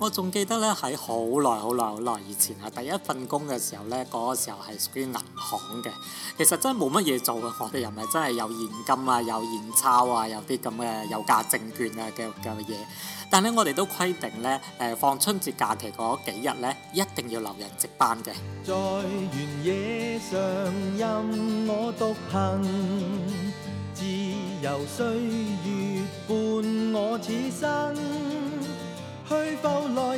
我仲記得咧，喺好耐好耐好耐以前啊，第一份工嘅時候咧，嗰個時候係屬於銀行嘅。其實真係冇乜嘢做嘅，我哋又咪真係有現金啊，有現鈔啊，有啲咁嘅有價證券啊嘅嘅嘢。但係咧，我哋都規定咧，誒放春節假期嗰幾日咧，一定要留人值班嘅。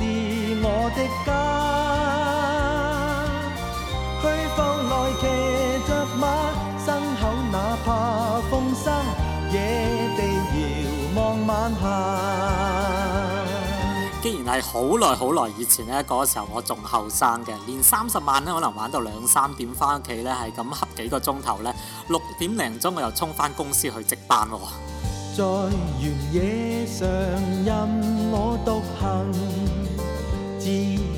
是我的家。去內騎著馬身後哪怕風沙，野地遙望晚霞。既然係好耐好耐以前呢，嗰時候我仲後生嘅，年三十晚可能玩到兩三點翻屋企呢，係咁瞌幾個鐘頭呢。六點零鐘我又衝翻公司去值班喎。在原野上任我讀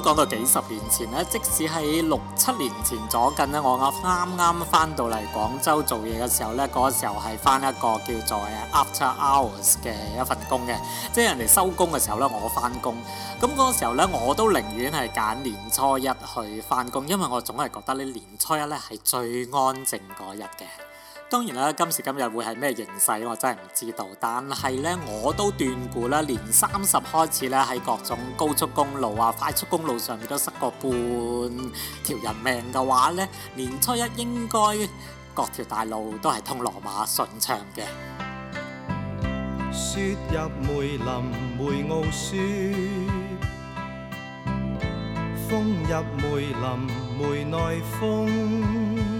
講到幾十年前咧，即使喺六七年前左近咧，我啱啱翻到嚟廣州做嘢嘅時候咧，嗰個時候係翻一個叫做 after hours 嘅一份工嘅，即係人哋收工嘅時候咧，我翻工。咁嗰個時候咧，我都寧願係揀年初一去翻工，因為我總係覺得呢年初一咧係最安靜嗰日嘅。當然啦，今時今日會係咩形勢，我真係唔知道。但係呢，我都斷估啦，年三十開始呢，喺各種高速公路啊、快速公路上面都塞個半條人命嘅話呢，年初一應該各條大路都係通羅馬順暢嘅。雪入梅林梅傲雪，風入梅林梅耐風。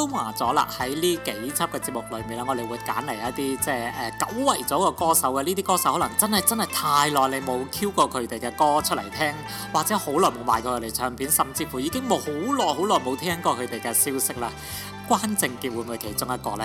都話咗啦，喺呢幾輯嘅節目裏面啦，我哋會揀嚟一啲即係誒、呃、久違咗嘅歌手嘅，呢啲歌手可能真係真係太耐你冇 Q 過佢哋嘅歌出嚟聽，或者好耐冇買過佢哋唱片，甚至乎已經冇好耐好耐冇聽過佢哋嘅消息啦。關正傑會唔會其中一個呢？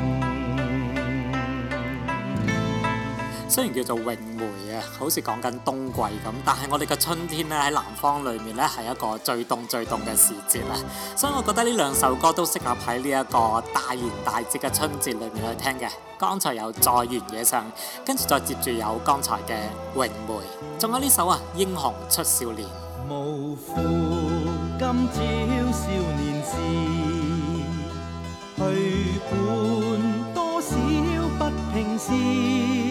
雖然叫做《詠梅》啊，好似講緊冬季咁，但係我哋嘅春天咧喺南方裏面咧係一個最凍最凍嘅時節啊，所以我覺得呢兩首歌都適合喺呢一個大年大節嘅春節裏面去聽嘅。剛才有《在原野上》，跟住再接住有剛才嘅《詠梅》，仲有呢首啊《英雄出少年》。無負今朝少年時，去管多少不平事。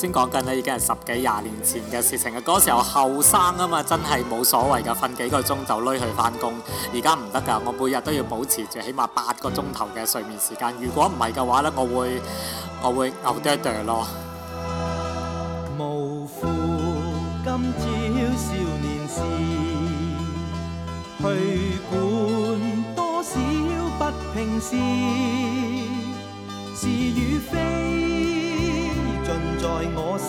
先講緊咧，已經係十幾廿年前嘅事情啦。嗰時候後生啊嘛，真係冇所謂㗎，瞓幾個鐘就拉去翻工。而家唔得㗎，我每日都要保持住起碼八個鐘頭嘅睡眠時間。如果唔係嘅話呢，我會我會牛爹爹咯。無負今朝少年時，去管多少不平事，是與非。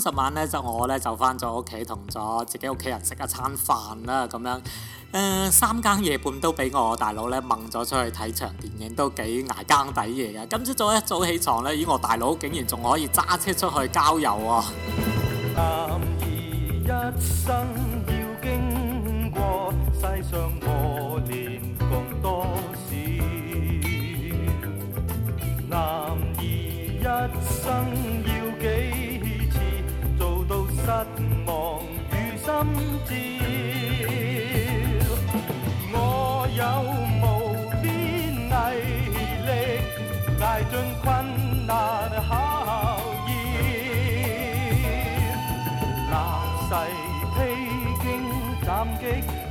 三十晚咧，就我咧就翻咗屋企同咗自己屋企人食一餐飯啦咁樣。誒、呃、三更夜半都俾我，我大佬咧掹咗出去睇場電影，都幾捱更底夜嘅。今朝早一早起床咧，咦我大佬竟然仲可以揸車出去郊遊喎！男兒一生要經過，世上磨練共多。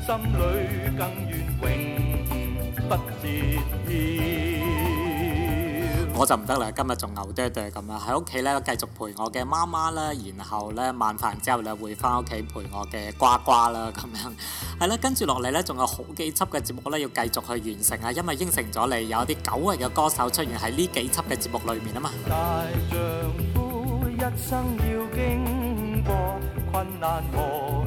我就唔得啦，今日仲牛哚哚咁啦，喺屋企咧繼續陪我嘅媽媽啦，然後咧晚飯之後會返屋企陪我嘅瓜瓜啦，咁樣係啦，跟住落嚟咧仲有好幾輯嘅節目咧要繼續去完成啊，因為應承咗你有一啲久違嘅歌手出現喺呢幾輯嘅節目裏面啊嘛。大丈夫，一生要經過困難和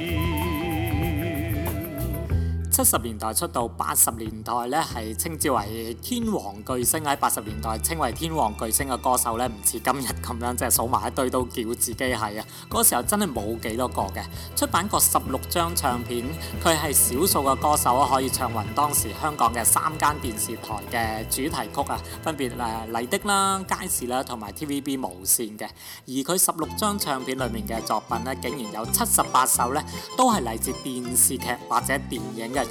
七十年代出道，八十年代咧係稱之為天王巨星。喺八十年代稱為天王巨星嘅歌手咧，唔似今日咁樣，即係數埋一堆都叫自己係啊。嗰時候真係冇幾多個嘅，出版過十六張唱片，佢係少數嘅歌手可以唱匀當時香港嘅三間電視台嘅主題曲啊，分別誒麗的啦、佳視啦同埋 TVB 無綫嘅。而佢十六張唱片裏面嘅作品咧，竟然有七十八首咧，都係嚟自電視劇或者電影嘅。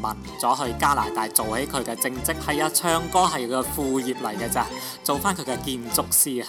問咗去加拿大做起佢嘅正職，係啊，唱歌係佢嘅副業嚟嘅咋，做翻佢嘅建築師啊。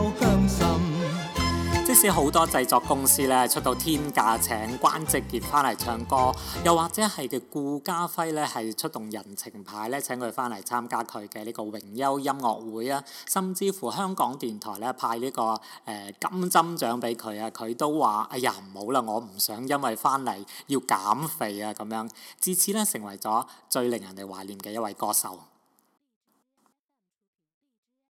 即使好多製作公司咧出到天價請關正傑翻嚟唱歌，又或者係嘅顧嘉煇咧係出動人情牌咧請佢翻嚟參加佢嘅呢個榮休音樂會啊，甚至乎香港電台咧派呢、這個誒、呃、金針獎俾佢啊，佢都話哎呀唔好啦，我唔想因為翻嚟要減肥啊咁樣，自此咧，成為咗最令人哋懷念嘅一位歌手。